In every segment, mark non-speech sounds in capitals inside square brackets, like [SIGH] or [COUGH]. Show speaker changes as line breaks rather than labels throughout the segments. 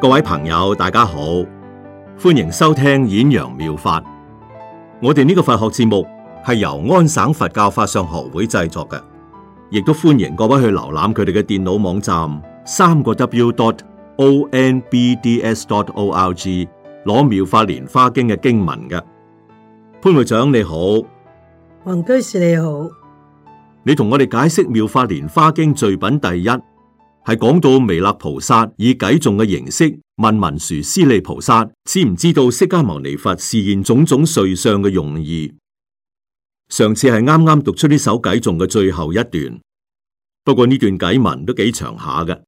各位朋友，大家好，歡迎收聽演揚妙，妙法。我哋呢個佛學節目係由安省佛教法相學會製作嘅，亦都歡迎各位去瀏覽佢哋嘅電腦網站三個 w.dot.o.n.b.d.s.dot.o.r.g，攞妙法蓮花經嘅經文嘅。潘會長你好，
黃居士你好，
你同我哋解釋妙法蓮花經序品第一。係講到彌勒菩薩以偈頌嘅形式問文殊師利菩薩，知唔知道釋迦牟尼佛示現種種瑞相嘅用意？上次係啱啱讀出呢首偈頌嘅最後一段，不過呢段偈文都幾長下嘅，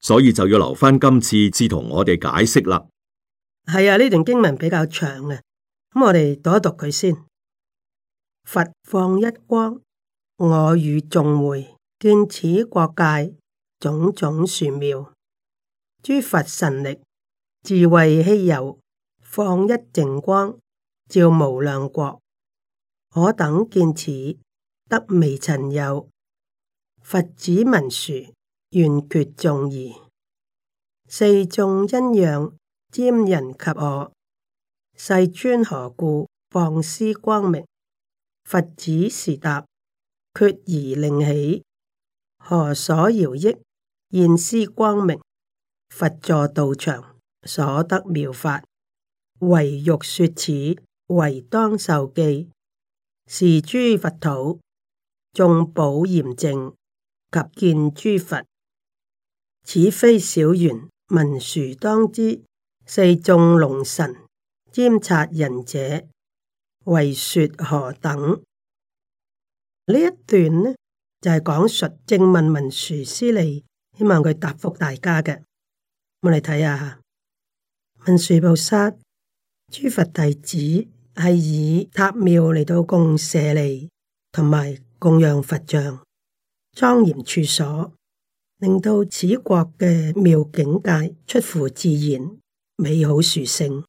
所以就要留翻今次至同我哋解釋啦。
係啊，呢段經文比較長嘅，咁我哋讀一讀佢先。佛放一光，我與眾會見此國界。種種殊妙，諸佛神力智慧稀有，放一淨光照無量國，我等見此得未曾有。佛子文殊，願決眾疑。四眾因養，沾人及我，世尊何故放施光明？佛子時答，決而令起，何所搖益？現施光明，佛坐道場，所得妙法，為欲說此，為當受記，是諸佛土，眾寶嚴淨，及見諸佛，此非小緣，文殊當知，四眾龍神，瞻察仁者，為說何等？呢一段呢，就係、是、講述正問文殊師利。希望佢答覆大家嘅，我嚟睇下。文殊菩薩、諸佛弟子係以塔廟嚟到供舍利，同埋供養佛像，莊嚴處所，令到此國嘅妙境界出乎自然美好殊勝。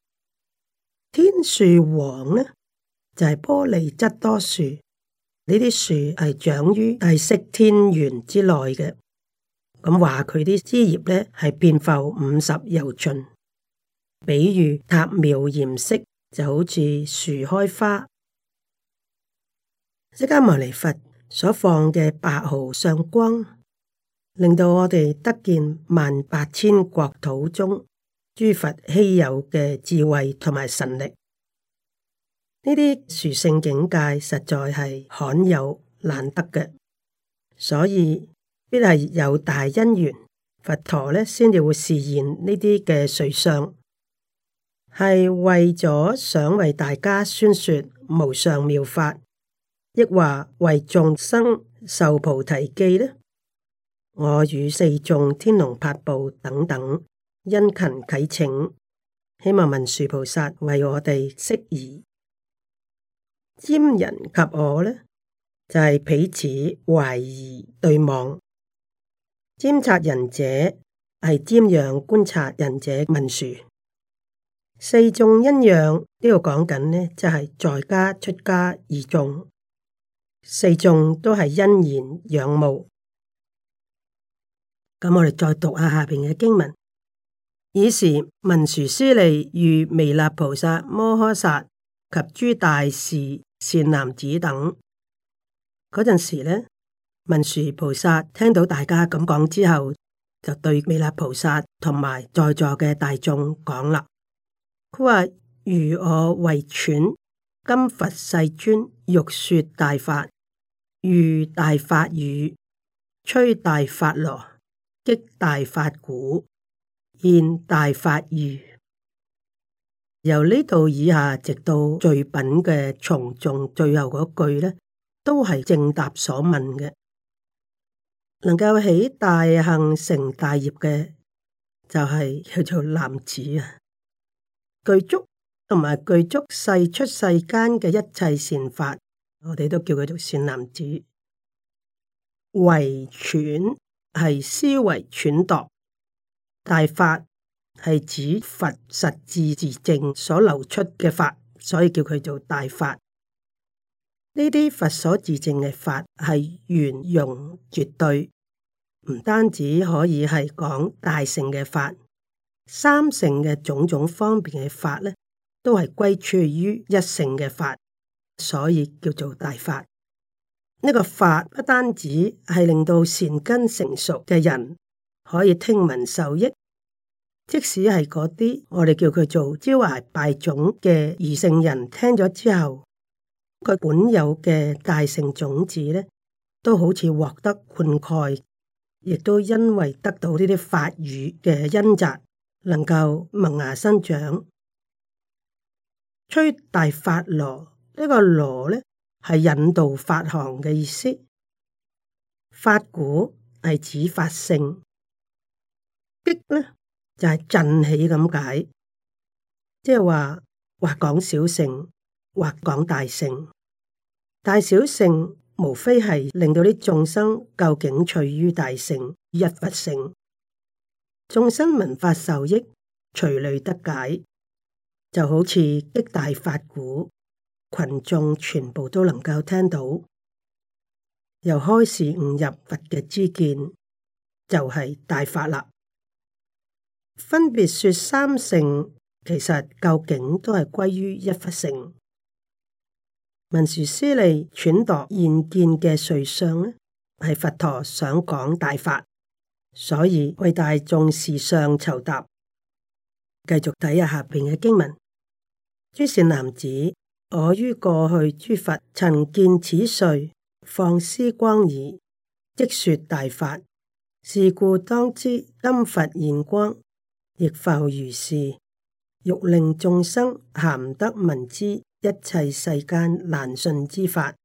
天樹王呢，就係、是、玻璃質多樹，呢啲樹係長於大色天園之內嘅。咁話佢啲枝葉呢係遍覆五十由旬，比喻塔廟嚴色就好似樹開花。釋迦牟尼佛所放嘅白毫上光，令到我哋得見萬八千國土中諸佛稀有嘅智慧同埋神力。呢啲殊勝境界實在係罕有難得嘅，所以，必係有大因緣，佛陀咧先至會示現呢啲嘅瑞相，係為咗想為大家宣說無上妙法，亦話為眾生受菩提記，呢我與四眾天龍八部等等，殷勤啟請，希望文殊菩薩為我哋釋疑。閹人及我呢，就係、是、彼此懷疑對望。瞻觀察仁者係瞻仰觀察仁者文殊四眾欣仰呢度講緊呢，就係、是、在家出家二眾四眾都係欣仰仰慕。咁我哋再讀下下邊嘅經文。爾時文殊師利語彌勒菩薩摩訶薩及諸大士善男子等，嗰陣時呢？文殊菩薩聽到大家咁講之後，就對彌勒菩薩同埋在座嘅大眾講啦。佢話：如我惟忖，今佛世尊，欲說大法，雨大法雨，吹大法螺，擊大法鼓，演大法義。由呢度以下，直到序品嘅從眾最後嗰句呢，都係正答所問嘅。能夠起大行成大業嘅，就係、是、叫做男子啊。具足同埋具足世出世間嘅一切善法，我哋都叫佢做善男子。慧喘係思維揣度，大法係指佛實智自自證所流出嘅法，所以叫佢做大法。呢啲佛所自證嘅法係圓融絕對，唔單止可以係講大乘嘅法，三乘嘅種種方便嘅法咧，都係歸處於一乘嘅法，所以叫做大法。呢、這個法不單止係令到善根成熟嘅人可以聽聞受益，即使係嗰啲我哋叫佢做焦芽敗種嘅二乘人聽咗之後。佢本有嘅大乘種子咧，都好似獲得灌溉，亦都因為得到呢啲法語嘅恩澤，能夠萌芽生長。吹大法螺、這個、呢個螺咧係引導法行嘅意思，法鼓係指法性，激咧就係、是、振起咁解，即係話或講小乘。或講大乘、大小乘，無非係令到啲眾生究竟趨於大乘一佛乘，眾生聞法受益，隨類得解，就好似擊大法鼓，群眾全部都能夠聽到。由開示悟入佛嘅知見，就係、是、大法啦。分別說三乘，其實究竟都係歸於一佛乘。文殊師利揣度現見嘅瑞相呢，係佛陀想講大法，所以為大眾事相酬答。繼續睇下下邊嘅經文：「諸善男子，我於過去諸佛曾見此瑞放斯光已，即說大法。是故當知今佛現光亦復如是，欲令眾生咸得聞知。」一切世間難信之法，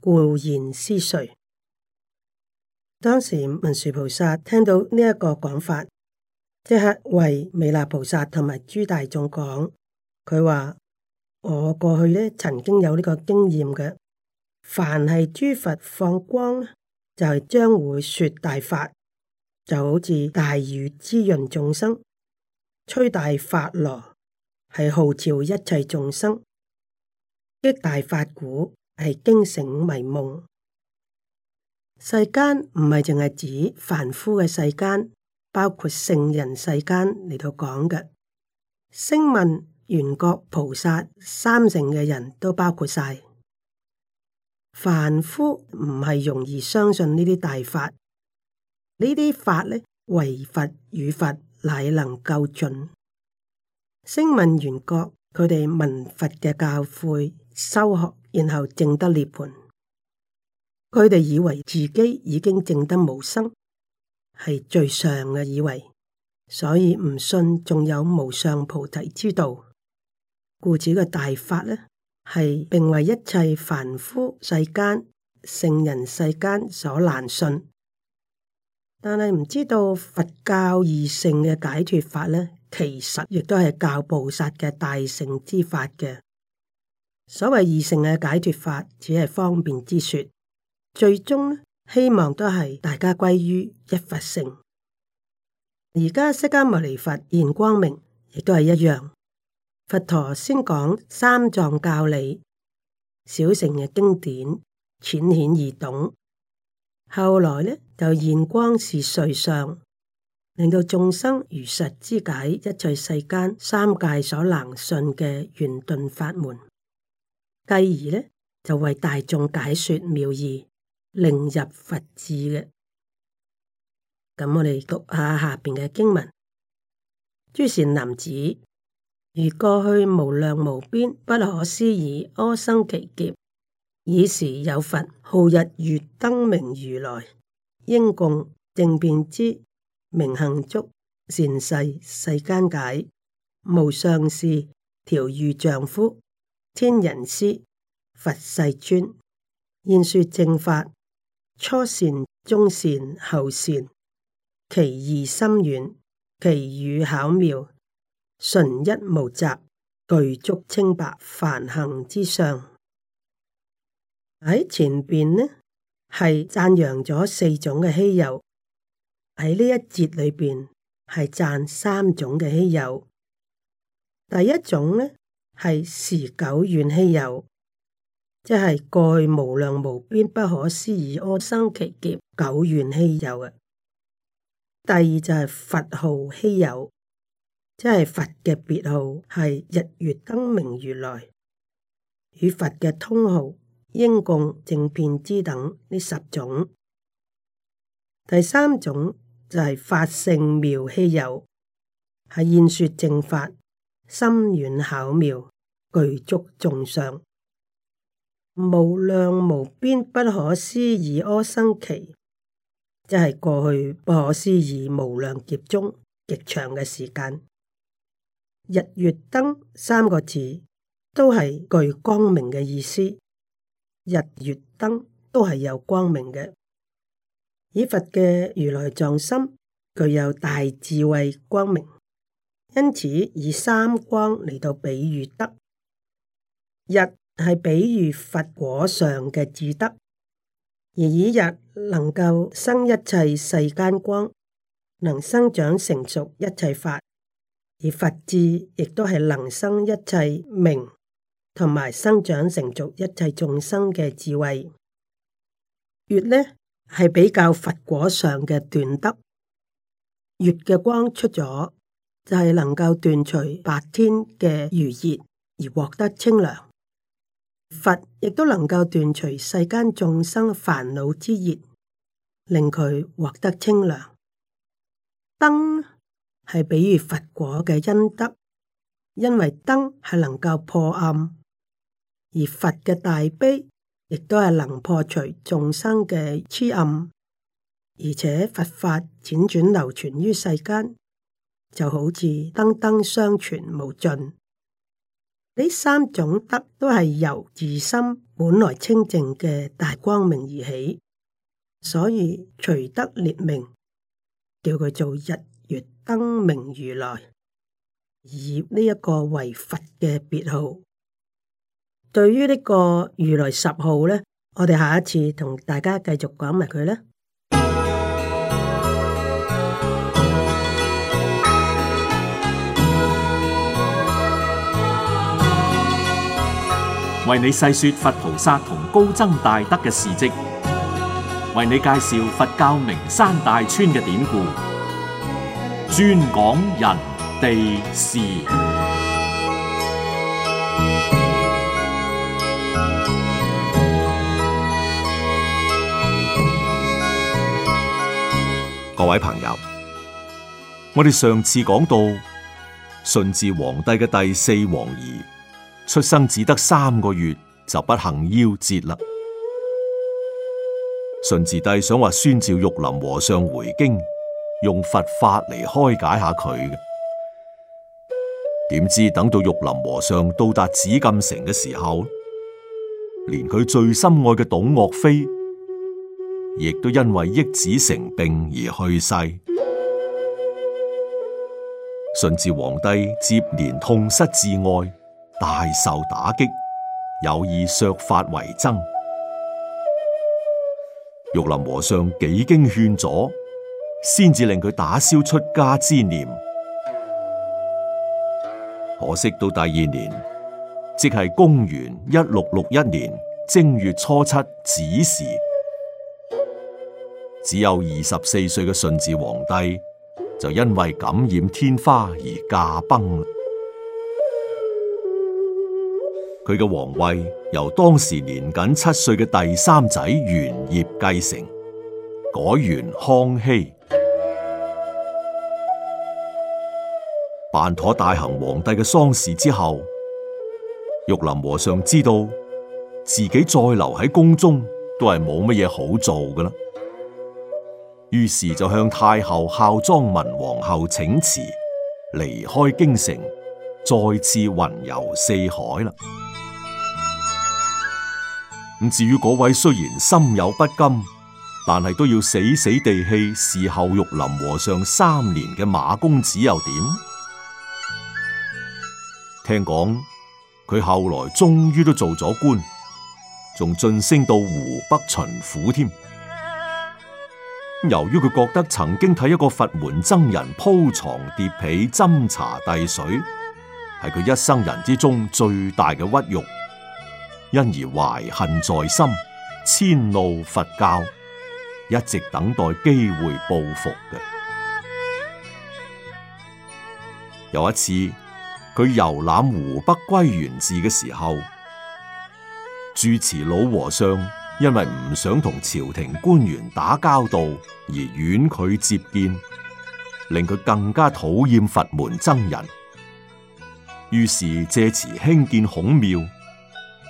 故現斯瑞。當時文殊菩薩聽到呢一個講法，即刻為彌勒菩薩同埋諸大眾講。佢話：我過去呢曾經有呢個經驗嘅，凡係諸佛放光，就係、是、將會說大法，就好似大雨滋潤眾生，吹大法螺，係號召一切眾生。一大法鼓，係驚醒迷夢。世間唔係淨係指凡夫嘅世間，包括聖人世間嚟到講嘅聲聞、緣覺、菩薩，三乘嘅人都包括晒。凡夫唔係容易相信呢啲大法，呢啲法呢，唯佛與佛乃能夠盡聲聞緣覺，佢哋聞佛嘅教誨。修學然後證得涅盤，佢哋以為自己已經證得無生，係最上嘅以為，所以唔信仲有無上菩提之道。故此嘅大法呢，係並為一切凡夫世間聖人世間所難信。但係唔知道佛教二乘嘅解脫法呢，其實亦都係教菩薩嘅大乘之法嘅。所謂二乘嘅解脱法，只係方便之說，最終希望都係大家歸於一佛乘。而家釋迦牟尼佛現光明，亦都係一樣。佛陀先講三藏教理，小乘嘅經典淺顯易懂，後來呢就現光是瑞相，令到眾生如實之解一切世間三界所能信嘅圓頓法門。繼而呢，就為大眾解說妙義，令入佛智嘅。咁我哋讀下下邊嘅經文：諸善男子，如過去無量無邊不可思議阿僧祇劫，爾時有佛，號日月燈明如來，應供正遍知，明行足，善逝，世間解，無上士，調御丈夫。天人師佛世尊，現說正法，初善、中善、後善，其義深遠，其語巧妙，純一無雜，具足清白梵行之相。喺前邊呢，係讚揚咗四種嘅稀有；喺呢一節裏邊，係讚三種嘅稀有。第一種呢？係是時久遠稀有，即係過去無量無邊不可思議阿僧祇劫久遠稀有嘅。第二就係佛號稀有，即係佛嘅別號係日月燈明如來，與佛嘅通號應供正遍知等呢十種。第三種就係法性妙稀有，係現說正法，深遠巧妙。具足眾相，無量無邊，不可思議阿僧祇，即係過去不可思議無量劫中極長嘅時間。日月燈三個字都係具光明嘅意思，日月燈都係有光明嘅。以佛嘅如來藏心具有大智慧光明，因此以三光嚟到比喻德。日係比喻佛果上嘅智德，而以日能夠生一切世間光，能生長成熟一切法，而佛智亦都係能生一切明，同埋生長成熟一切眾生嘅智慧。月呢係比較佛果上嘅斷德，月嘅光出咗就係、是、能夠斷除白天嘅餘熱，而獲得清涼。佛亦都能夠斷除世間眾生煩惱之熱，令佢獲得清涼。燈係比喻佛果嘅恩德，因為燈係能夠破暗，而佛嘅大悲亦都係能破除眾生嘅痴暗，而且佛法輾轉流傳於世間，就好似燈燈相傳無盡。呢三種德都係由自心本來清淨嘅大光明而起，所以隨德列名，叫佢做日月燈明如來，而呢一個為佛嘅別號。對於呢個如來十號咧，我哋下一次同大家繼續講埋佢咧。
為你細說佛菩薩同高僧大德嘅事跡，為你介紹佛教名山大川嘅典故，專講人地事。士各位朋友，我哋上次講到順治皇帝嘅第四皇兒。出生只得三個月，就不幸夭折啦。順治帝想話宣召玉林和尚回京，用佛法嚟開解下佢嘅。點知等到玉林和尚到達紫禁城嘅時候，連佢最心愛嘅董鄂妃，亦都因為憶子成病而去世。順治皇帝接連痛失至愛。大受打擊，有意削髮為僧。玉林和尚幾經勸阻，先至令佢打消出家之念。可惜到第二年，即係公元一六六一年正月初七子時，只有二十四歲嘅順治皇帝就因為感染天花而駕崩。佢嘅皇位由當時年僅七歲嘅第三仔玄燁繼承，改元康熙。辦妥大行皇帝嘅喪事之後，玉林和尚知道自己再留喺宮中都係冇乜嘢好做噶啦，於是就向太后孝莊文皇后請辭，離開京城，再次雲遊四海啦。咁至於嗰位雖然心有不甘，但係都要死死地氣侍候玉林和尚三年嘅馬公子又點？聽講佢後來終於都做咗官，仲晉升到湖北巡撫添。由於佢覺得曾經睇一個佛門僧人鋪床疊被斟茶遞水，係佢一生人之中最大嘅屈辱。因而懷恨在心，遷怒佛教，一直等待機會報復嘅。有一次，佢遊覽湖北歸元寺嘅時候，住持老和尚因為唔想同朝廷官員打交道而婉拒接見，令佢更加討厭佛門僧人。於是借詞興建孔廟。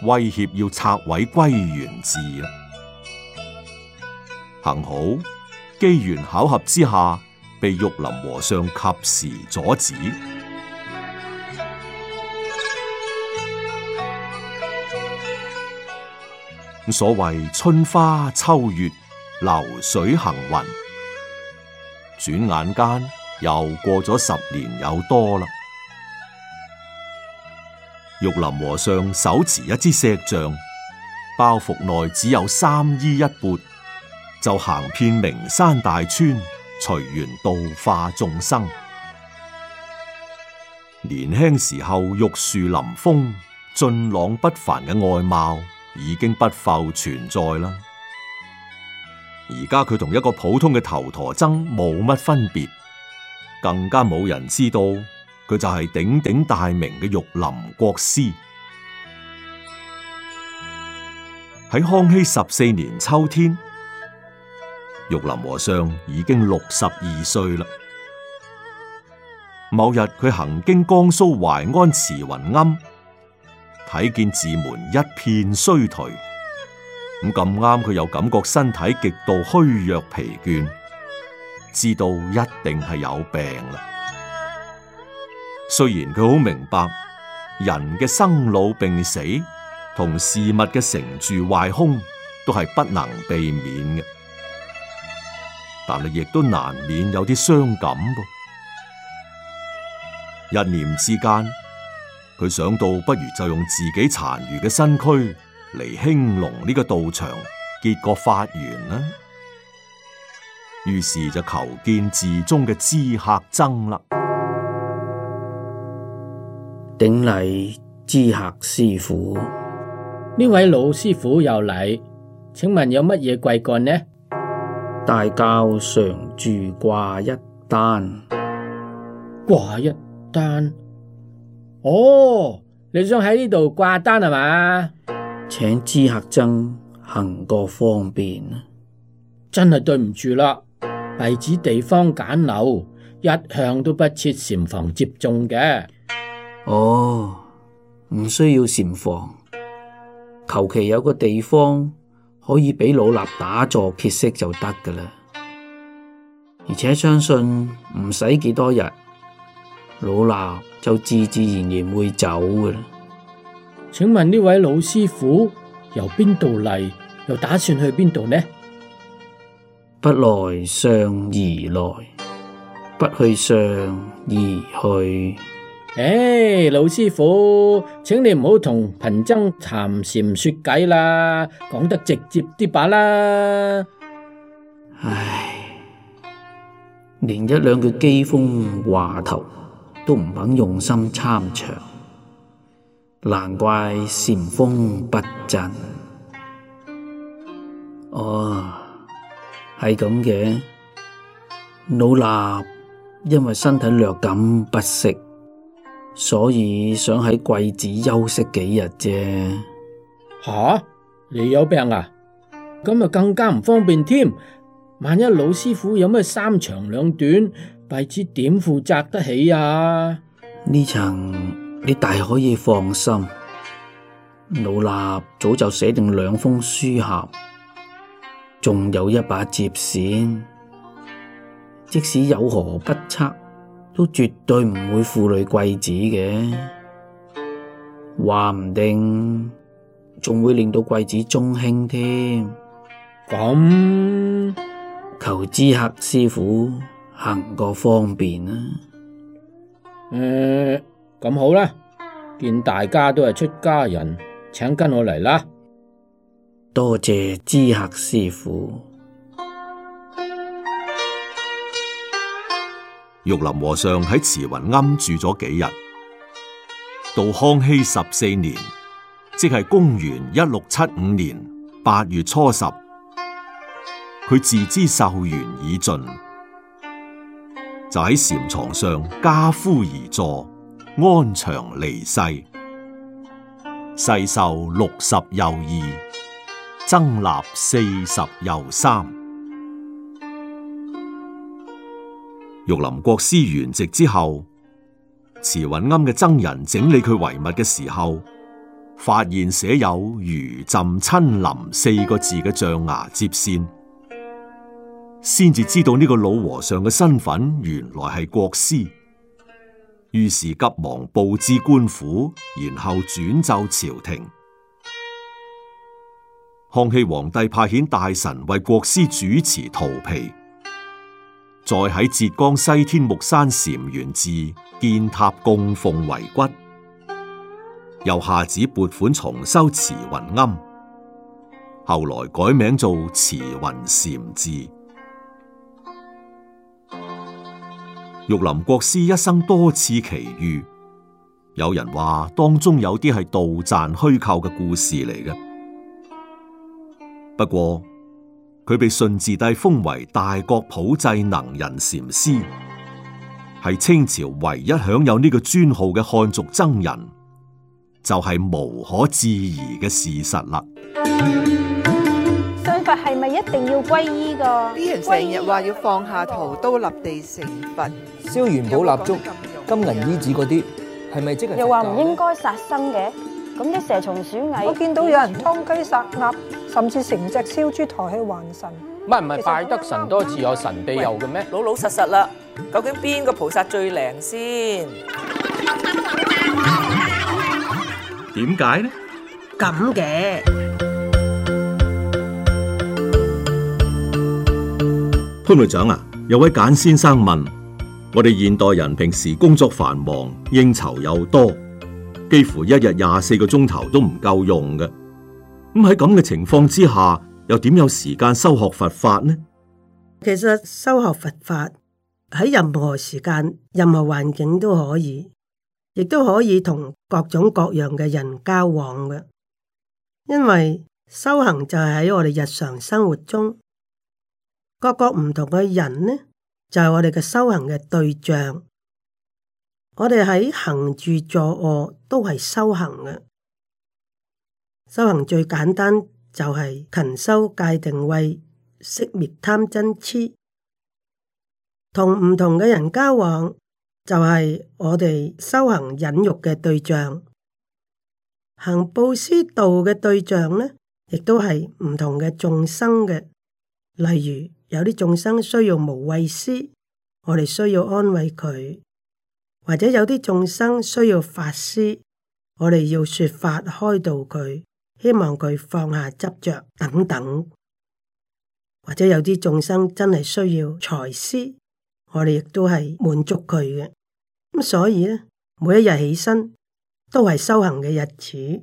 威脅要拆毀歸元寺啦！幸好機緣巧合之下，被玉林和尚及時阻止。所謂春花秋月、流水行雲，轉眼間又過咗十年有多啦。玉林和尚手持一支錫杖，包袱內只有三衣一缽，就行遍名山大川，隨緣度化眾生。年輕時候玉樹臨風、俊朗不凡嘅外貌已經不復存在啦。而家佢同一個普通嘅頭陀僧冇乜分別，更加冇人知道。佢就係鼎鼎大名嘅玉林國師。喺康熙十四年秋天，玉林和尚已經六十二歲啦。某日佢行經江蘇淮安慈雲庵，睇見寺門一片衰頹，咁咁啱佢又感覺身體極度虛弱疲倦，知道一定係有病啦。雖然佢好明白人嘅生老病死同事物嘅成住壞空都係不能避免嘅，但係亦都難免有啲傷感噃、哦。一念之間，佢想到不如就用自己殘餘嘅身軀嚟興隆呢個道場，結個法緣啦。於是就求見寺中嘅知客僧啦。頂禮
知客師傅，呢位老師傅又嚟。請問有乜嘢貴幹呢？大教常住掛一單。掛一單？哦，你想喺呢度掛單係嘛？請知客僧行個方便。真係對唔住啦，弟子地方簡陋，一向都不設禪房接眾嘅。哦，唔需要禪房，求其有個地方可以俾老衲打坐歇息就得噶啦。而且相信唔使幾多日，老衲就自自然然會走嘅。請問呢位老師傅由邊度嚟，又打算去邊度呢？不來相而來，不去相而去。唉，老、hey, 師傅，請你唔好同貧僧談禪說偈啦，講得直接啲吧啦。唉，連一兩句機鋒話頭都唔肯用心參詳，難怪禪風不振。哦，係咁嘅，老衲因為身體略感不適。所以想喺貴子休息幾日啫。吓、啊，你有病啊？咁啊更加唔方便添。萬一老師傅有咩三長兩短，弟子點負責得起啊？呢層你大可以放心，老衲早就寫定兩封書函，仲有一把折扇，即使有何不測，都絕對唔會負累貴子嘅，話唔定仲會令到貴子中興添。咁、嗯、求知客師傅行個方便啦、啊。誒、嗯，咁好啦，見大家都係出家人，請跟我嚟啦。多謝知客
師傅。玉林和尚喺慈雲庵住咗幾日，到康熙十四年，即係公元一六七五年八月初十，佢自知壽緣已盡，就喺禪床上跏趺而坐，安詳離世，世壽六十又二，增立四十又三。玉林國師圓寂之後，慈雲庵嘅僧人整理佢遺物嘅時候，發現寫有“如朕親臨”四個字嘅象牙摺扇，先至知道呢個老和尚嘅身份原來係國師，於是急忙報知官府，然後轉奏朝廷。康熙皇帝派遣大臣為國師主持荼毗。再喺浙江西天目山禪源寺建塔供奉遺骨，又下旨撥款重修慈雲庵，後來改名做慈雲禪寺。 [NOISE] 玉林國師一生多次奇遇，有人話當中有啲係杜撰虛構嘅故事嚟嘅，不過。佢被順治帝封為大國普濟能人禪師，係清朝唯一享有呢個尊號嘅漢族僧人，就係、是、無可置疑嘅事實啦。
信
佛係咪一定要皈依㗎？啲人成日話要放下屠刀立地成佛，燒元寶蠟燭、金銀衣紙嗰啲，係咪即係？又話唔應該殺生
嘅，咁啲蛇蟲鼠蟻，我見到有人殺雞殺鴨。甚至成隻燒豬抬起還神，
唔係唔係拜得神多自有神庇佑嘅咩？老老實實啦，究竟邊個菩薩最靈先？
點解呢？
咁嘅
潘隊長啊，有位簡先生問：我哋現代人平時工作繁忙，應酬又多，幾乎一日廿四個鐘頭都唔夠用嘅。咁喺咁嘅情況之下，又點有時間修學佛法呢？
其實修學佛法喺任何時間、任何環境都可以，亦都可以同各種各樣嘅人交往嘅。因為修行就係喺我哋日常生活中，各個唔同嘅人呢，就係、是、我哋嘅修行嘅對象。我哋喺行住坐卧都係修行嘅。修行最簡單就係勤修戒定慧，息滅貪嗔癡。同唔同嘅人交往，就係、是、我哋修行忍辱嘅對象。行布施道嘅對象呢，亦都係唔同嘅眾生嘅。例如有啲眾生需要無畏施，我哋需要安慰佢；或者有啲眾生需要法施，我哋要說法開導佢。希望佢放下執着等等，或者有啲眾生真係需要財施，我哋亦都係滿足佢嘅。咁所以咧，每一日起身都係修行嘅日子。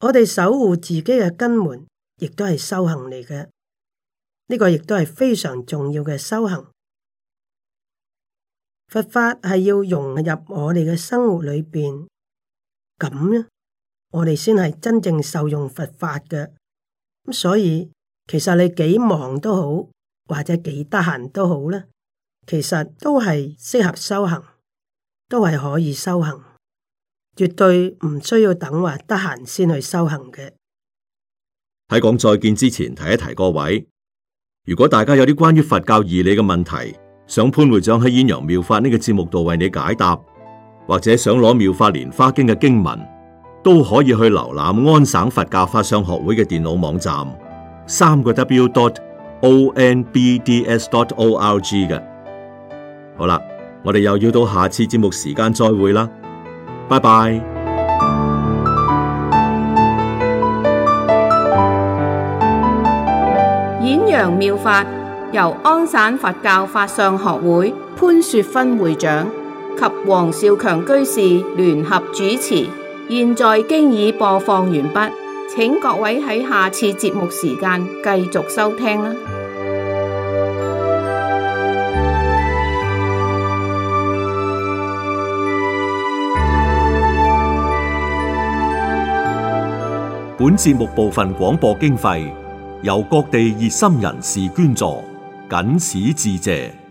我哋守護自己嘅根門，亦都係修行嚟嘅。呢、這個亦都係非常重要嘅修行。佛法係要融入我哋嘅生活裏邊，咁咧。我哋先係真正受用佛法嘅。咁所以其實你幾忙都好，或者幾得閒都好咧，其實都係適合修行，都係可以修行，絕對唔需要等話得閒先去修行嘅。
喺講再見之前，提一提各位，如果大家有啲關於佛教義理嘅問題，想潘會長喺《鴛鴦妙法》呢個節目度為你解答，或者想攞《妙法蓮華經》嘅經文。都可以去瀏覽安省佛教法相學會嘅電腦網站，三個 w.dot.o.n.b.d.s.dot.o.r.g 嘅。好啦，我哋又要到下次節目時間再會啦，拜拜。
演揚妙法由安省佛教法相學會潘雪芬會長及黃少強居士聯合主持。現在經已播放完畢，請各位喺下次節目時間繼續收聽啦。
本節目部分廣播經費由各地熱心人士捐助，謹此致謝。